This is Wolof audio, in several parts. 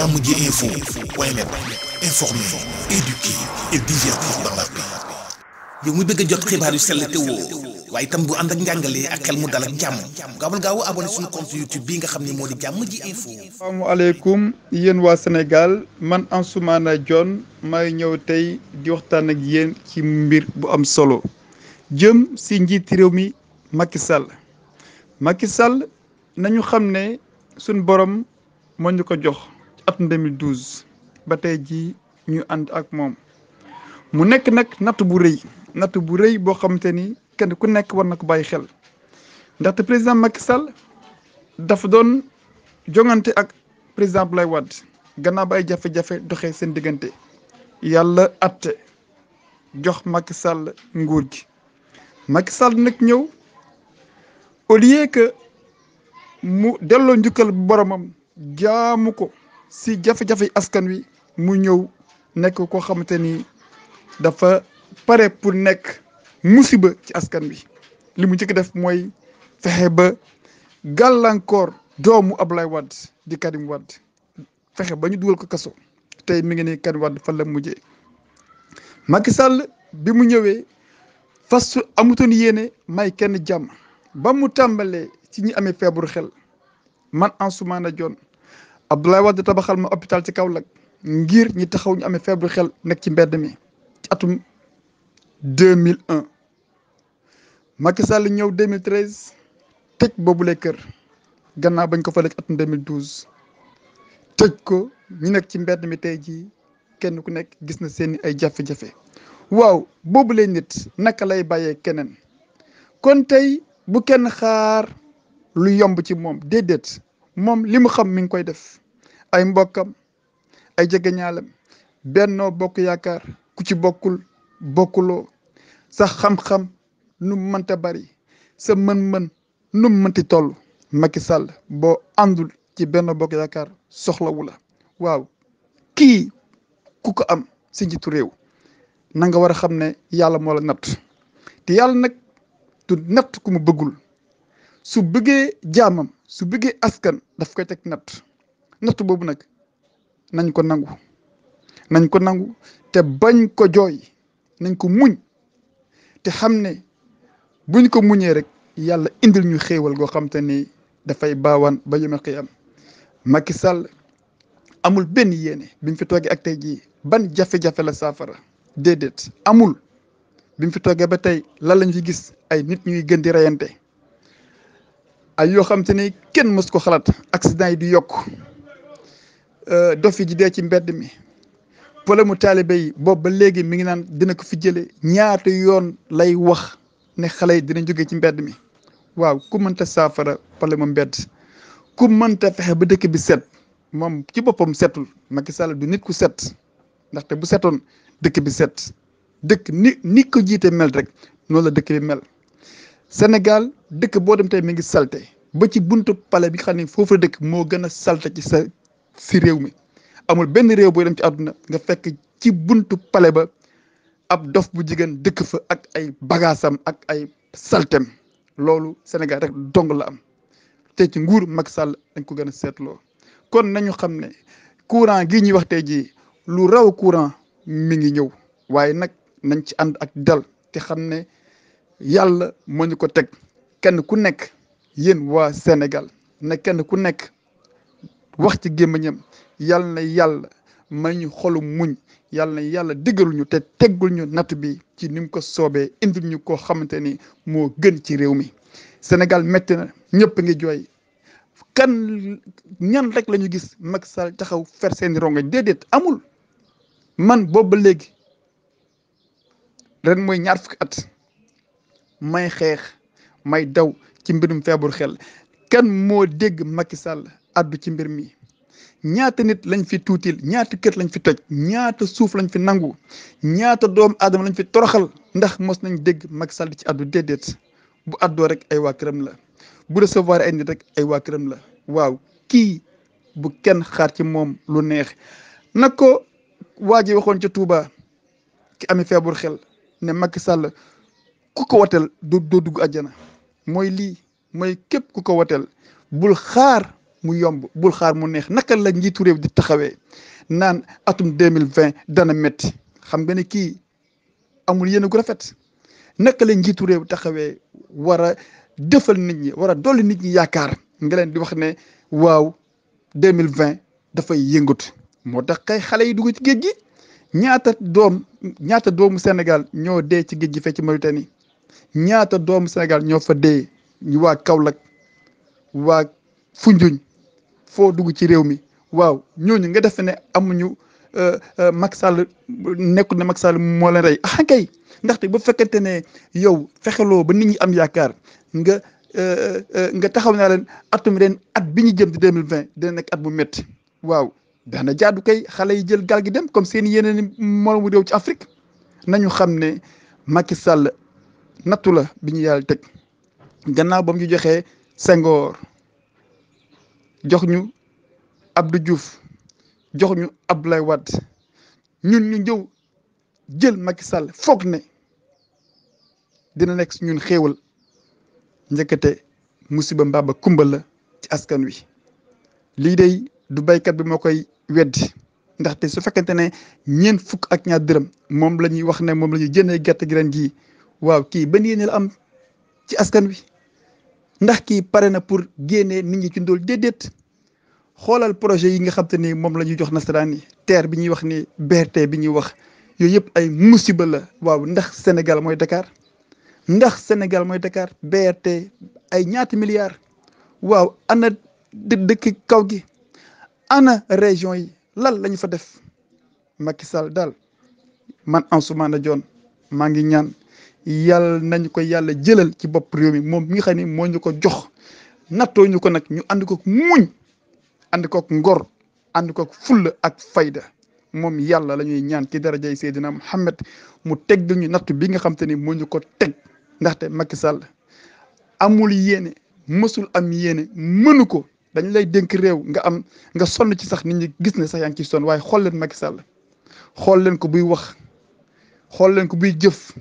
jàmm ji a jot xibaar yu sell bu ànd ak njàngalee ak xel mu bii nga xam ne di jàmm ji info. asalaamaaleykum yéen waa Sénégal man Ansoumana Dione may ñëw tey di waxtaan ak yéen ci mbir bu am solo jëm si njiiti réew mi Macky Sall Macky nañu xam ne suñ borom moo ñu ko jox atum 2012 ba tey jii ñu ànd ak moom mu nekk nag natt bu rëy natt bu rëy boo xamante ni kenn ku nekk war na ko bàyyi xel ndaxte président Macky Sall dafa doon jongante ak président Abdoulaye Wade gannaaw ba ay jafe-jafe doxee seen diggante yàlla atte jox Macky nguur gi Macky Sall nag ñëw au lieu que mu delloo njukkal boromam jaamu ko si jafe-jafe askan wi mu ñëw nekk koo xamante ni dafa pare pour nekk musiba ci askan wi li mu jëkk def mooy fexe ba gàllankoor doomu ab lay Wade di Karim Wade fexe ba ñu dugal ko kaso tey mi ngi nii Karim Wade fan la mujjee bi mu ñëwee fas amutoon yéene may kenn jàmm ba mu tàmbalee ci ñi amee feebaru xel man Ansoumana jon ab Abdoulaye Wade tabaxal ma hôpital ci kaw Kaolack ngir ñi taxaw ñu amee feebaru xel nekk ci mbedd mi ci atum 2001 Macky Sall ñëw 2013 tëj boobule kër gannaaw bañ ko fële ci atum 2012 tëj ko ñu nekk ci mbedd mi tey jii kenn ku nekk gis na seeni ay jafe-jafe waaw bobule nit naka lay bàyyee keneen kon tey bu kenn xaar lu yomb ci moom déedéet moom li mu xam mi ngi koy def. ay mbokkam ay jege ñaalam bennoo bokk yaakaar ku ci bokkul bokkuloo sa xam-xam nu mënta bari sa mën-mën nu mënti toll Macky Sall boo àndul ci bennoo bokk yaakaar soxlawula la waaw kii ku ko am si njiitu réew na nga war a xam ne yàlla moo la natt te yàlla nag tu natt ku mu bëggul su bëggee jaamam su bëggee askan daf koy teg natt nattu boobu nag nañ ko nangu nañ ko nangu te bañ ko jooy nañ ko muñ te xam ne buñ ko muñee rek yàlla indil ñu xéewal goo xam ni dafay baawaan ba yoma xiyam Macky Sall amul benn yéene bi mu fi toogee ak tey jii ban jafe-jafe la saafara déedéet amul bi mu fi toogee ba tey lan lañ fi gis ay nit ñuy gën di reyante ay yoo xam te kenn mës ko xalaat accident yi di yokk Euh, dof yi di ci mbedd mi problème mu taalibe yi boobu ba léegi mi ngi naan dina ko fi jëlee ñaata yoon lay wax ne xale yi dina jóge ci mbedd mi waaw ku saafara problème mu mbedd ku mënta fexe ba dëkk bi set moom ci boppam setul Macky Sall du nit ku set ndaxte bu setoon dëkk bi set dëkk ni ni ko jiite mel rek noonu la dëkk bi mel Sénégal dëkk boo dem tey mi ngi salte ba ci bunt pale bi xam ni foofu la dëkk moo gën a salte ci sa si réew mi amul benn réew booy dem ci àdduna nga fekk ci buntu pale ba ab dof bu jigéen dëkk fa ak ay bagaasam ak ay saltem loolu Sénégal rek dong la am te ci nguur Macky Sall dañ ko gën a seetloo kon nañu xam ne courant gi ñuy wax tey jii lu raw courant mi ngi ñëw waaye nag nañ ci ànd ak dal te xam ne yàlla moo ñu ko teg kenn ku nekk yéen waa Sénégal ne kenn ku nekk wax ci gémmiñam yal na yàlla may xolu muñ yal na yàlla diggalu ñu te teggul ñu natt bi ci ni ko soobee indi ñu koo xamante ni moo gën ci réew mi Sénégal métti na ñëpp ngi jooy kan ñan rekk la ñu gis Macky Sall taxaw fer seeni rongañ déedéet amul man boobu ba léegi ren mooy ñaar fukki at may xeex may daw ci mbirum feebaru xel kan moo dégg Macky Sall addu ci mbir mi ñaata nit lañ fi tuutil ñaata kër lañ fi toj ñaata suuf lañ fi nangu ñaata doom aadama lañ fi toroxal ndax mos nañ dégg Macky Sall ci addu déedéet bu addoo rek ay waa la bu recevoir ay nit rek ay waa la waaw kii bu kenn xaar ci moom lu neex na ko waa ji waxoon ca Touba ki amee feebar xel ne makki Sall ku ko wateel doo dugg àjjana mooy lii mooy képp ku ko wateel bul xaar. mu yomb bul xaar mu neex naka la njiitu réew di taxawee naan atum deux mille vingt dana métti xam nga ne kii amul yéene gu rafet naka la njiitu réew taxawee war a defal nit ñi war a dolli nit ñi yaakaar nga di wax ne waaw deux mille vingt dafay yëngatu moo tax kay xale yi dugg ci géej gi ñaata doom ñaata doomu Sénégal ñoo dee ci géej gi fee ci Mauritanie ñaata doomu Sénégal ñoo fa dee ñu waa Kaolack waa foo dugg ci réew mi waaw ñooñu nga defe ne amuñu euh, euh, Macky Sall nekkul ne Macky Sall moo leen rey ah kay ndaxte bu fekkente ne yow fexeloo ba nit ñi am yaakaar nga euh, nga taxaw naa leen atum ren at bi ñu jëm di mille vingt dina nekk at bu métti waaw daana jaadu kay xale yi jël gaal gi dem comme seen yeneen i moromu réew ci Afrique nañu xam ne Macky Sall nattu la bi ñu yàlla teg gannaaw ba mu ñu joxee Senghor jox ñu Abdou Diouf jox ñu Abdoulaye Wade ñun ñu jëw jël Macky Sall foog ne dina nekk si ñun xéewal njëkkate musiba mbaaba kumbal la ci askan wi lii dey du baykat bi moo koy weddi ndaxte su fekkente ne ñeen fukk ak ñaar dërëm moom la ñuy wax ne moom lañuy ñuy jëndee gerte gi ren jii waaw kii ban yéene la am ci askan wi ndax kii pare na pour génnee nit ñi ci ndóol déedéet xoolal projet yi nga xam ni moom la ñuy jox nasaraan yi terre bi ñuy wax ni berte bi ñuy wax yooyu yëpp ay musiba la waaw ndax Sénégal mooy Dakar ndax Sénégal mooy Dakar BRT ay ñaati milliards waaw ana dëkk kaw gi ana région yi lan lañu fa def Macky Sall daal man Ansoumana Dione maa ngi ñaan. yàlla nañ koy yàlla jëlal ci bopp réew mi moom mi nga xam ne moo ñu ko jox nattoo ñu ko nag ñu ànd ko muñ ànd kook ngor ànd kook fulla ak fayda moom yàlla lañuy ñaan ci darajay Seydina Muhammad mu teggal ñu nattu bi nga xam ni moo ñu ko teg ndaxte Macky Sall amul yéene mësul am yéene mënu ko dañ lay dénk réew nga am nga sonn ci sax ni ñi gis ne sax yaa ngi sonn waaye xool leen Macky Sall xool leen ko buy wax xool leen ko buy jëf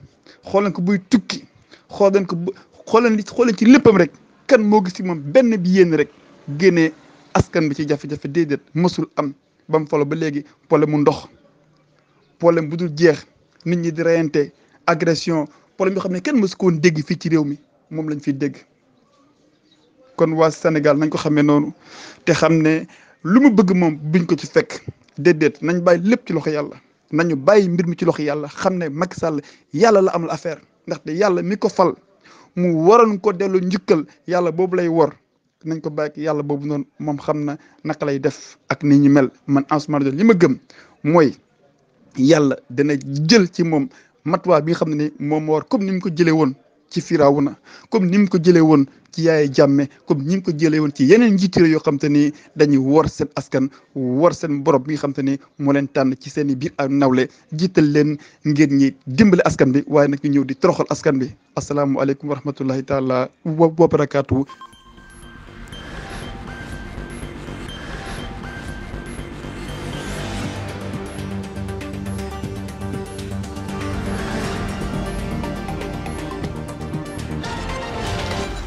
xool leen ko buy tukki xool ko bu xool leen xool ci léppam rek kan moo gis ci moom benn bi yéen rek génnee askan bi ci jafe-jafe déedéet mësul am ba mu folo ba léegi problème mu ndox problème bu dul jeex nit ñi di reyante agression problème yoo xam ne kenn mësu ko woon dégg fii ci réew mi moom lañ fi dégg kon waa Sénégal nañ ko xamee noonu te xam ne lu mu bëgg moom buñ ko ci fekk déedéet nañ bàyyi lépp ci loxo yàlla. nañu bàyyi mbir mi ci loxo yàlla xam ne Macky Sall yàlla la amal affaire ndaxte yàlla mi ko fal mu waroon ko dellu njukkal yàlla boobu lay wor nañ ko bàyyi yàlla boobu noonu moom xam na naka lay def ak ni ñu mel man Ansoumana Dione li ma gëm mooy yàlla dana jël ci moom matuwaay bi nga xam ne ni moom war comme ni mu ko jëlee woon. ci firawuna comme ni mu ko jëlee woon ci yaay jàmme comme ni mu ko jëlee woon ci yeneen njiitire yoo xam te ni dañuy war seen askan war seen borom bi nga xam te ni moo leen tànn ci seen i biir ak nawle jiital leen ngir ñi dimbale askan bi waaye nag ñu ñëw di toroxal askan bi asalaamualeykum wa rahmatullahi taala wa barakaatu.